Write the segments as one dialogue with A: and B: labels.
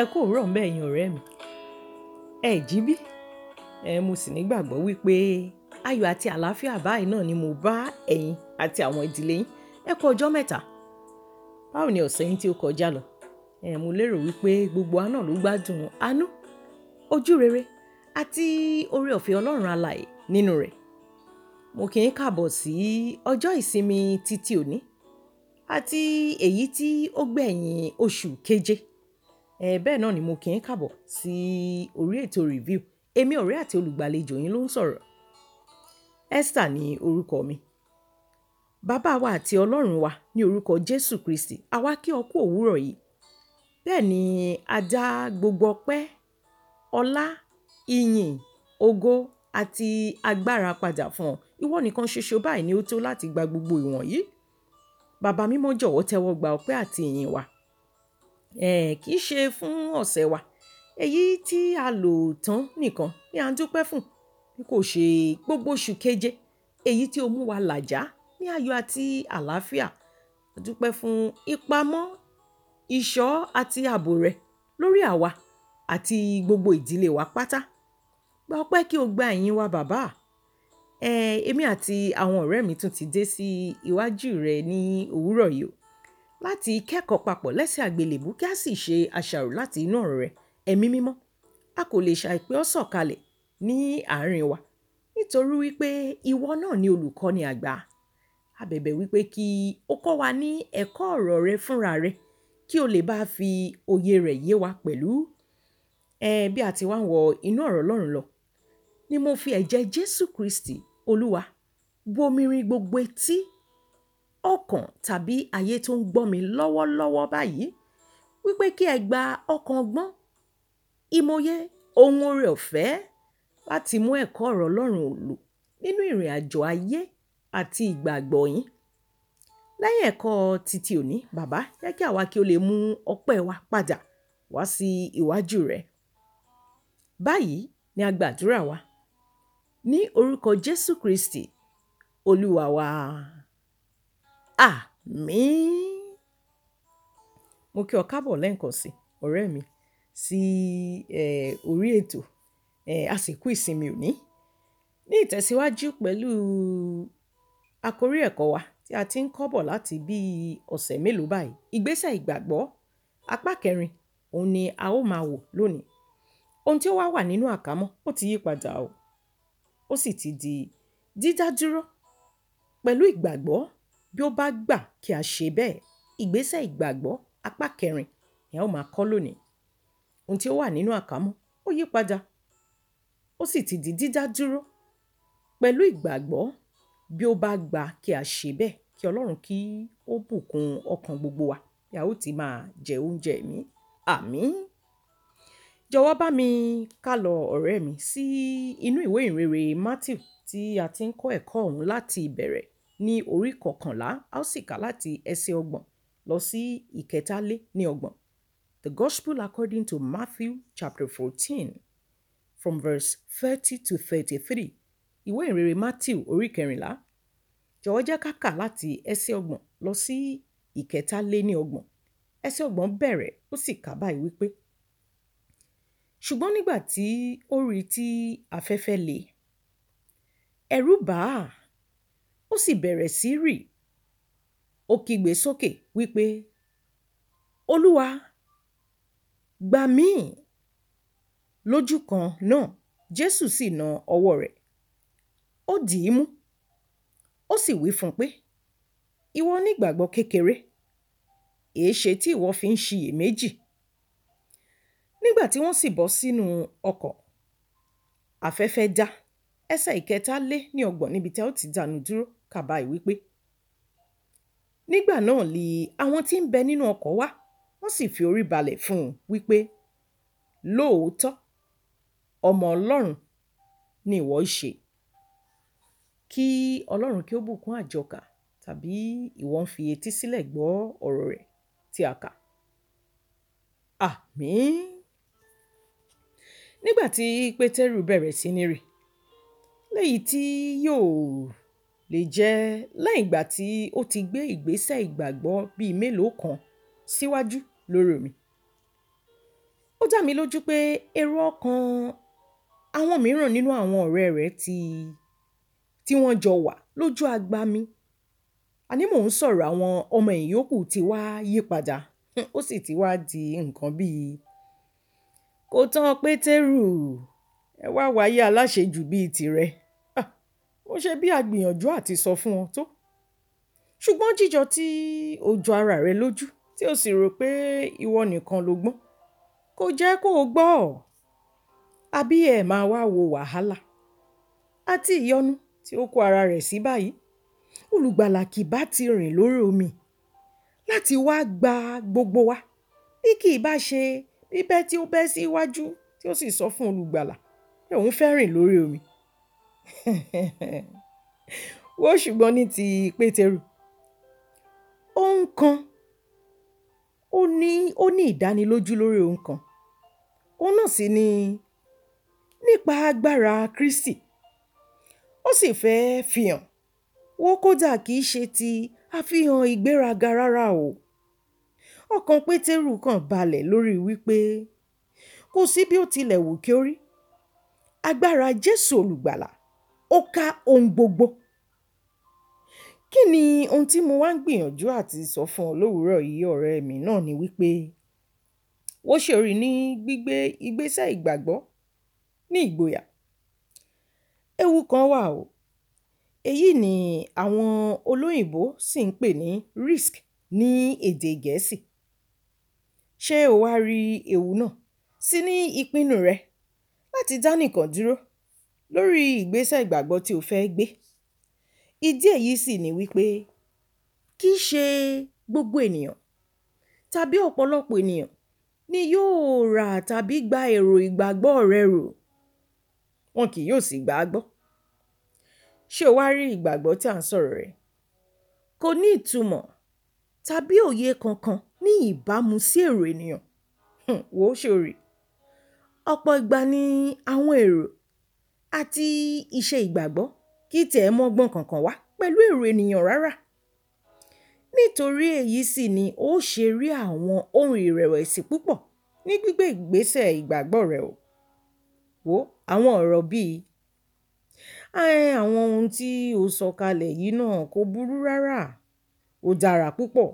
A: Ẹ kú òwúrọ̀ ńbẹ̀ ẹ̀yin ọ̀rẹ́ mi. Ẹ jí bí? Ẹ mo sì nígbàgbọ́ wípé ayọ̀ àti àlàáfíà báyìí náà ni mo bá ẹ̀yin àti àwọn ìdílé yín. Ẹ kú ọjọ́ mẹ́ta. Báwo ni ọ̀sẹ̀ yín tí ó kọjá lọ? Ẹ mo lérò wípé gbogbo wa ló gbádùn àánú, ojú rere àti oore ọ̀fẹ́ Ọlọ́run alààyè nínú rẹ̀. Mo kì í kàbọ̀ sí ọjọ́ ìsinmi titi òní àti èyí tí ó gbẹ̀yìn oṣù keje Eh, bẹ́ẹ̀ náà ni mo kì í kàbọ̀ sí si orí ètò review. Èmi e ọ̀rẹ́ àti olùgbàlejò yín ló ń sọ̀rọ̀. Esther ni orúkọ mi. Bàbá wa àti Ọlọ́run wa ní orúkọ Jésù Kristi. Àwa kí ọ kú òwúrọ̀ yìí. Bẹ́ẹ̀ ni a dá gbogbo ọpẹ́, ọlá, ìyìn, ògo àti agbára padà fún ọ. Ìwọ nìkan ṣoṣo báyìí ni ó tó láti gba gbogbo ìwọ̀nyí. Bàbá mímọ́ jọ̀wọ́ tẹ́wọ́ gba ọpẹ́ àti ìyìn wa. Eh, kì í ṣe fún ọ̀sẹ̀ wa èyí tí a lò tán nìkan ni à ń dúpẹ́ fún bí kò ṣe gbogbo oṣù keje èyí tí ó mú wa làjà ní ayọ̀ àti àlàáfíà a dúpẹ́ fún ìpamọ́ ìṣọ́ àti ààbò rẹ lórí àwa àti gbogbo ìdílé wa pátá gba ọpẹ́ kí o gba ẹ̀yìn wa bàbá èmi àti àwọn ọ̀rẹ́ mi tún ti dé sí iwájú rẹ ní òwúrọ̀ yìí o láti kẹ́kọ̀ọ́ papọ̀ lẹ́sẹ̀ àgbélébú kí a sì ṣe àṣàrò láti inú ọ̀rọ̀ rẹ̀ ẹ̀mí mímọ́ a kò lè ṣàì pé ó sọ̀kalẹ̀ ní àárín wa nítorí wípé ìwọ náà ni olùkọ́ni àgbà a bẹ̀bẹ̀ wípé kí o kọ́ wa ní ẹ̀kọ́ ọ̀rọ̀ rẹ fúnra rẹ kí o lè bá fi òye rẹ̀ yé wa pẹ̀lú ẹ bí a ti wá ń wọ inú ọ̀rọ̀ Ọlọ́run lọ ni mo fi ẹ̀jẹ̀ Jésù Kristi Olúwa bomirin gbogbo etí ọkàn tàbí ayé tó ń gbọ́ mi lọ́wọ́lọ́wọ́ báyìí wípé kí ẹ gba ọkàn ọgbọ́n ìmọ̀ye ohun oore ọ̀fẹ́ láti mú ẹ̀kọ́ ọ̀rọ̀ Ọlọ́run lò nínú ìrìn àjò ayé àti ìgbàgbọ́ yín lẹ́yìn ẹ̀kọ́ títí òní bàbá jẹ́ kí àwa kí o lè mú ọpẹ́ wa padà wá sí iwájú rẹ̀ báyìí ni a gbàdúrà wa ní orúkọ Jésù Kristi olúwa wa. Àmín. Mo kí ọ káàbọ̀ lẹ́ẹ̀kan si, ọ̀rẹ́ mi, sí, ẹ́, orí ètò, ẹ́, àsìkò ìsinmi òní. Ní ìtẹ̀síwájú pẹ̀lú àkórí ẹ̀kọ́ wa tí a ti ń kọ́ bọ̀ láti bí ọ̀sẹ̀ mélòó báyìí. Ìgbésẹ̀ ìgbàgbọ́ apá kẹrin, òun ni a ó máa wò lónìí. Ohun tí ó wà wà nínú àkámọ́, ó ti yí padà o. Ó sì ti di dídá dúró pẹ̀lú ìgbàgbọ́ Bí ó bá gbà kí a ṣe bẹ́ẹ̀, ìgbésẹ̀ ìgbàgbọ́ apá kẹrin ni a ó máa kọ́ lónìí. Ohun tí ó wà nínú àkámọ́ ó yípadà, ó sì ti di dídá dúró. Pẹ̀lú ìgbàgbọ́, bí ó bá gbà kí a ṣe bẹ́ẹ̀, kí Ọlọ́run kí ó bùkún ọkàn gbogbo wa bí a ó ti máa jẹ oúnjẹ ẹ̀mí. Àmín. Jọ̀wọ́ bá mi ká lọ ọ̀rẹ́ mi sí inú ìwé ìhìnrere Matthew tí a ti ń kọ́ ẹ̀kọ́ ọ̀hún láti ìbẹ̀rẹ̀ ní orí kọkànlá a ó sì kà láti ẹsẹ̀ ọgbọ̀n lọ sí ìkẹtàlé ní ọgbọ̀n. The Gospel according to Matthew chapter fourteen from verse thirty to thirty-three ìwé ìrere Matthew orí kẹrìnlá jọ̀wọ́ jẹ́ ká kà láti ẹsẹ̀ ọgbọ̀n lọ sí ìkẹtàlé ní ọgbọ̀n ẹsẹ̀ ọgbọ̀n bẹ̀rẹ̀ ó sì kà báyìí wípé ṣùgbọ́n nígbà tí ó rí tí afẹ́fẹ́ le ẹ̀rù bà ó sì bẹ̀rẹ̀ sí rì. Ó kígbe sókè wípé, Olúwa, gbà mí! Lójú kan náà, Jésù sì na ọwọ́ rẹ̀. Ó dì í mú. Ó sì wí fún un pé, Ìwọ onígbàgbọ́ kékeré, èéṣe tí ìwọ fi ń ṣiyèméjì? Nígbà tí wọ́n sì bọ́ sínú ọkọ̀, afẹ́fẹ́ dá ẹsẹ̀ ìkẹta lé ní ọgbọ̀n níbi tí ó ti dànù dúró kà báyìí wípé nígbà náà li àwọn tí ń bẹ nínú ọkọ̀ wá wọ́n sì fi orí balẹ̀ fún un wípé lóòótọ́ ọmọ ọlọ́run ni ìwọ ṣe kí ọlọ́run kí ó bùkún àjọkà tàbí ìwọ ń fi etí sílẹ̀ gbọ́ ọ̀rọ̀ rẹ̀ tí a kà àmín nígbà tí pétérù bẹ̀rẹ̀ sí ní rì léyìí tí yóò lè jẹ́ lẹ́yìn ìgbà tí ó ti gbé ìgbésẹ̀ ìgbàgbọ́ bí i mélòó kan síwájú lórí mi. Ó dá mi lójú pé èrò ọkàn àwọn mìíràn nínú àwọn ọ̀rẹ́ rẹ̀ ti, tí wọ́n jọ wà lójú agba mi. Àní mò ń sọ̀rọ̀ àwọn ọmọ ẹ̀yìn yòókù ti wá yípadà. Ó sì ti wá di nǹkan bí i, kò tán Pétérù, ẹ wá wáyé aláṣejù bí i ó ṣe bí a gbìyànjú àti sọ fún wọn tó. ṣùgbọ́n jíjọ tí o jọ ara rẹ lójú tí ó sì rò pé ìwọ nìkan ló gbọ́n kò jẹ́ kó o gbọ́ ọ̀ àbí ẹ̀ máa wá wo wàhálà àti ìyọnu tí ó kó ara rẹ̀ sí báyìí olùgbàlà kì bá ti rìn lórí omi láti wá gba gbogbo wa bí kì í bá ṣe bíbẹ́ tí ó bẹ́ sí iwájú tí ó sì sọ fún olùgbàlà pé òun fẹ́ rìn lórí omi Wó ṣùgbọ́n ní ti Pétérù, òun kan, ó ní, ó ní ìdánilójú lórí ohun kan. Òun náà sì ni nípa agbára Kristi. Ó sì fẹ́ fihàn, wó kódà kì í ṣe ti àfihàn ìgbéraga rárá o. Ọkàn Pétérù kan balẹ̀ lórí wípé kò sí bí ó tilẹ̀ wù kí ó rí. Agbára Jésù olùgbàlà ó ká ohun gbogbo. Kí ni ohun tí mo wá ń gbìyànjú àti sọ fún ọ l'òwúrọ̀ yìí ọ̀rẹ́ mi náà ni wípé, wo ṣòrí ní gbígbé ìgbésẹ̀ ìgbàgbọ́ ní ìgboyà. Ewu kan wà o. Èyí ni àwọn olóyìnbo sì ń pè ní risk ní èdè gẹ̀ẹ́sì. Ṣé o wá rí ewu náà? Sí ní ìpinnu rẹ láti dá nìkan dúró lórí ìgbésẹ̀ ìgbàgbọ́ tí o fẹ́ gbé. Ìdí èyí sì ni wípé kìí ṣe gbogbo ènìyàn tàbí ọ̀pọ̀lọpọ̀ ènìyàn ni yóò rà tàbí gba èrò ìgbàgbọ́ rẹ rò, wọn kì yóò sì gbà á gbọ́. Ṣé o wá rí ìgbàgbọ́ tí à ń sọ̀rọ̀ rẹ̀? Kò ní ìtumọ̀ tàbí òye kankan ní ìbámu sí èrò ènìyàn. Wò ó ṣe rí? Ọ̀pọ̀ ìgbà ni àwọn èrò àti iṣẹ́ ìgbàgbọ́ kí tẹ̀ mọ́gbọ́n kankan wá pẹ̀lú èrò ènìyàn rárá. Nítorí èyí sì ni ó ṣe rí àwọn ohun ìrẹ̀wẹ̀sì púpọ̀ ní gbígbé ìgbésẹ̀ ìgbàgbọ́ rẹ o. Wo àwọn ọ̀rọ̀ bíi, àwọn ohun tí o sọ kalẹ̀ yìí náà kò burú rárá, ó dára púpọ̀.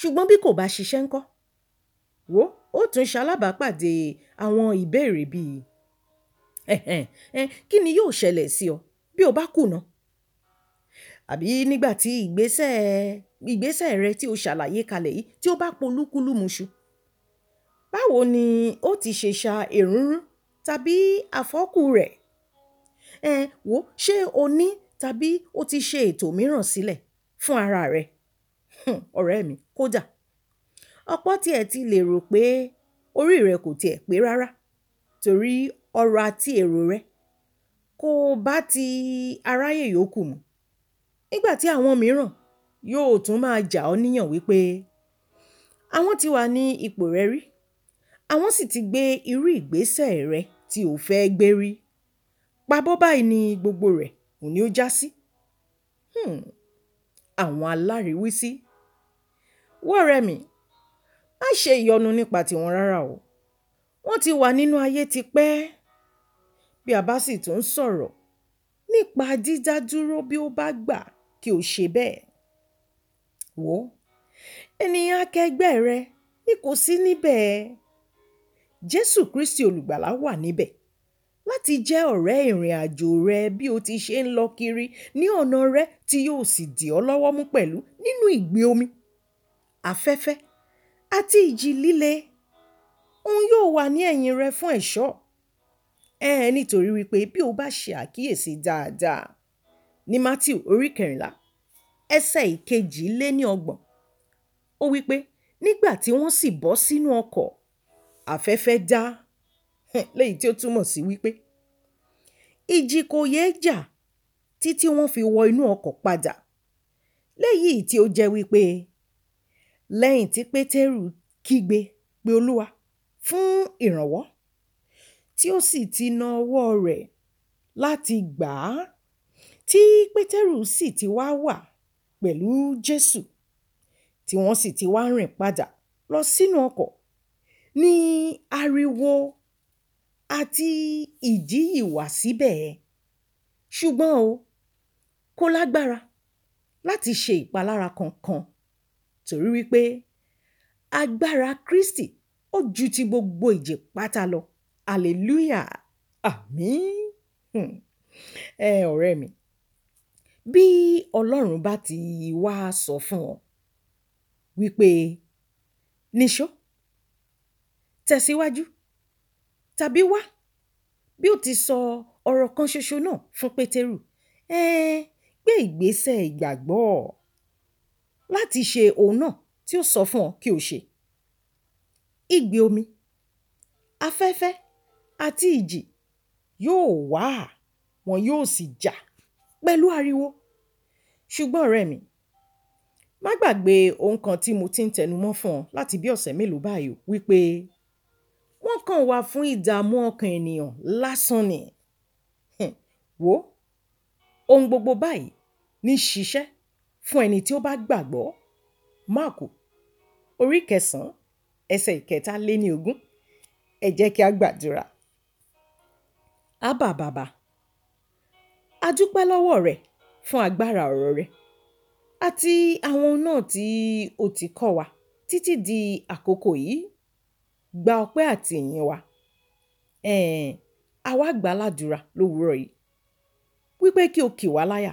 A: Ṣùgbọ́n bí kò bá ṣiṣẹ́ ńkọ́? Wo ó tún ṣalábàápàdé àwọn ìbéèrè bíi, kí ni yóò ṣẹlẹ̀ sí ọ bí o bá kùnà? Àbí nígbà tí ìgbésẹ̀ ìgbésẹ̀ rẹ tí o ṣàlàyé kalẹ̀ yìí tí ó bá polúkúlùmùṣu, báwo ni ó ti ṣe ṣa èrúnrún tàbí àfọ́kù rẹ̀? Ẹ wò ó, ṣé o ní tàbí o ti ṣe ètò mìíràn sílẹ̀ fún ara rẹ? ọ̀rẹ́ mi, kódà. Ọ̀pọ̀ tí ti lè rò pé orí rẹ kò tiẹ̀ pé rárá torí ọrọ̀ àti èrò rẹ kó bá ti aráyé yòókù mu. Nígbà tí àwọn mìíràn yóò tún máa jà ọ́ níyàn wípé àwọn ti wà ní ipò rẹ rí, àwọn sì ti gbé irú ìgbésẹ̀ rẹ tí o fẹ́ gbé rí. Pabọ́ báyìí ni gbogbo rẹ̀ òní ó jásí. Hmm, àwọn aláriwísí. Wò ọ̀rẹ́ mi, má ṣe ìyọnu nípa tiwọn rárá o. Wọ́n ti wà nínú ayé tipẹ́. Bí a bá sì tún ń sọ̀rọ̀ nípa dídá dúró bí ó bá gbà kí o ṣe bẹ́ẹ̀. Wò ó, ènìyàn akẹgbẹ́ rẹ ní kò sí níbẹ̀. Jésù Kristi olùgbàlà wà níbẹ̀ láti jẹ́ ọ̀rẹ́ ìrìnàjò rẹ bí o ti ṣe ń lọ kiri ní ọ̀nà rẹ tí yóò sì dì ọ́ lọ́wọ́ mú pẹ̀lú nínú ìgbì omi, afẹ́fẹ́ àti ìjì líle. Òun yóò wà ní ẹ̀yìn rẹ fún ẹ̀ṣọ́. Ẹ́ nítorí wípé bí o bá ṣe àkíyèsí dáadáa ní Matthew orí kẹrìnlá ẹsẹ̀ ìkejì lé ní ọgbọ̀n. Ó wípé nígbà tí wọ́n sì bọ́ sínú ọkọ̀, afẹ́fẹ́ dá léyìí tí ó túmọ̀ sí wípé ìjì kò yé jà títí wọ́n fi wọ inú ọkọ̀ padà. Léyìí tí ó jẹ́ wípé lẹ́yìn tí Pétérù kígbe pé Olúwa fún ìrànwọ́ tí ó sì ti na ọwọ́ rẹ̀ láti gbà á tí pétérù sì ti wá wà pẹ̀lú jésù tí wọ́n sì ti wá rìn padà lọ sínú ọkọ̀ ní ariwo àti ìjìyì wà síbẹ̀ ṣùgbọ́n o kò lágbára láti ṣe ìpalára kankan torí wípé agbára kristi ó ju ti gbogbo ìjì lọ Hallelujah! Àmín. Hmm. Ẹ ọ̀rẹ́ mi, bí Ọlọ́run bá ti wá sọ fún ọ wípé níṣó, tẹ̀síwájú tàbí wá bí ó ti sọ ọ̀rọ̀ kan ṣoṣo náà fún Pétérù, ẹ gbé ìgbésẹ̀ ìgbàgbọ́ láti ṣe òun náà tí ó sọ fún ọ kí o ṣe. Igbe omi, afẹ́fẹ́ àti ìjì yóò wà wọn yóò sì jà pẹ̀lú ariwo. Ṣùgbọ́n ọ̀rẹ́ mi, má gbàgbé ohun kan tí mo ti ń tẹnumọ́ fún ọ láti bí ọ̀sẹ̀ mélòó báyìí wípé wọ́n kàn wà fún ìdààmú ọkàn ènìyàn lásán ni. Wò ó, ohun gbogbo báyìí ní ṣiṣẹ́ fún ẹni tí ó bá gbàgbọ́. Máàkù orí kẹsàn-án ẹsẹ̀ ìkẹta lé ní ogún. Ẹ jẹ́ kí a gbàdúrà. Ábà baba, a dúpẹ́ lọ́wọ́ rẹ fún agbára ọ̀rọ̀ rẹ àti àwọn náà tí o ti kọ́ wa títí di àkókò yìí. Gba ọpẹ́ àti ìyìn wa. Ẹ̀ẹ̀, àwa gbà ládùrá lówurọ̀ yìí wípé kí o kì wá láyà,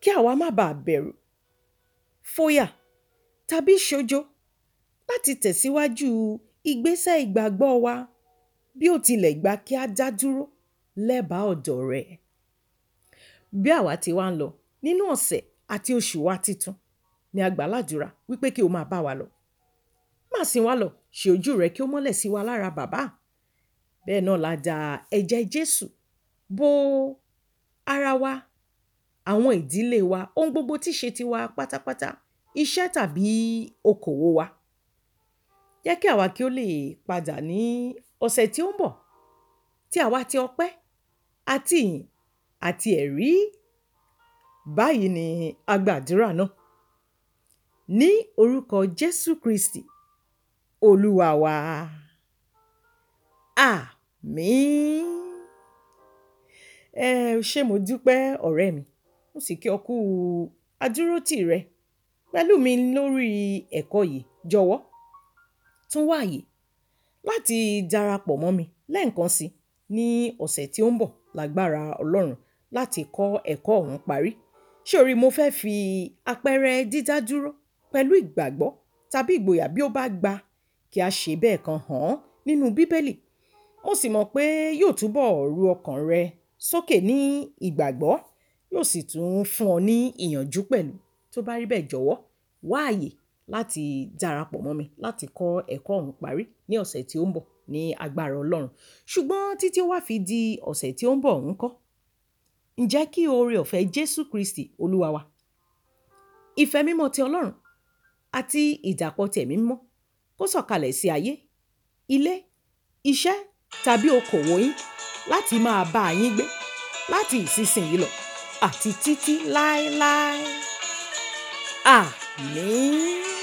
A: kí àwa má bà bẹ̀rù, fòyà tàbí ṣojo láti tẹ̀síwájú ìgbésẹ̀ ìgbàgbọ́ wa bí ó tilẹ̀ gba kí a dá dúró lẹ́bàá ọ̀dọ̀ rẹ̀. Bí àwa ti wá ń lọ nínú ọ̀sẹ̀ àti oṣù wa titun ni a gbà ládùúrà wípé kí o máa bá wa lọ. Má sin wa lọ, ṣe ojú rẹ kí ó mọ́lẹ̀ sí wa lára bàbá. Bẹ́ẹ̀ náà la da ẹ̀jẹ̀ Jésù bo ara wa, àwọn ìdílé wa, ohun gbogbo tí ṣe tiwa pátápátá, iṣẹ́ tàbí okòwò wa. Jẹ́ kí àwa kí ó lè padà ní ọ̀sẹ̀ tí ó ń bọ̀ tí àwa ti ọpẹ́ àti ìyìn àti ẹ̀rí. Báyìí ni a náà. Ní orúkọ Jésù Kristi, Olúwa wa. Àmín. Ẹ ṣé mo dúpẹ́ ọ̀rẹ́ mi, mo sì kí ọ kú adúrótì rẹ pẹ̀lú mi lórí ẹ̀kọ́ yìí jọ̀wọ́ tún wáyé láti darapọ̀ mọ́ mi lẹ́ẹ̀kan sí ní ọ̀sẹ̀ tí ó ń bọ̀ lágbára Ọlọ́run láti kọ́ ẹ̀kọ́ ọ̀hún parí. Ṣé o rí, mo fẹ́ fi àpẹẹrẹ dídá dúró pẹ̀lú ìgbàgbọ́ tàbí ìgboyà bí ó bá gba kí a ṣe bẹ́ẹ̀ kan hàn nínú Bíbélì. Mo sì mọ̀ pé yóò túbọ̀ ru ọkàn rẹ sókè ní ìgbàgbọ́, yóò sì tún fún ọ ní ìyànjú pẹ̀lú. Tó bá rí bẹ́ẹ̀ jọ̀wọ́, wá láti darapọ̀ mọ́ mi láti kọ́ ẹ̀kọ́ ọ̀hún parí ní ọ̀sẹ̀ tí ó ń bọ̀ ní agbára Ọlọ́run ṣùgbọ́n títí ó wá fi di ọ̀sẹ̀ tí ó ń bọ̀ ọ̀hún kọ́ ǹjẹ́ kí oore ọ̀fẹ́ Jésù Kristi Olúwa wa ìfẹ́ mímọ́ ti Ọlọ́run àti ìdàpọ̀ tẹ̀mí mímọ́ kó sọ̀kalẹ̀ sí ayé ilé iṣẹ́ tàbí okòwò yín láti máa bá yín gbé láti ìsinsìnyí lọ àti títí láéláé àmín. Ah,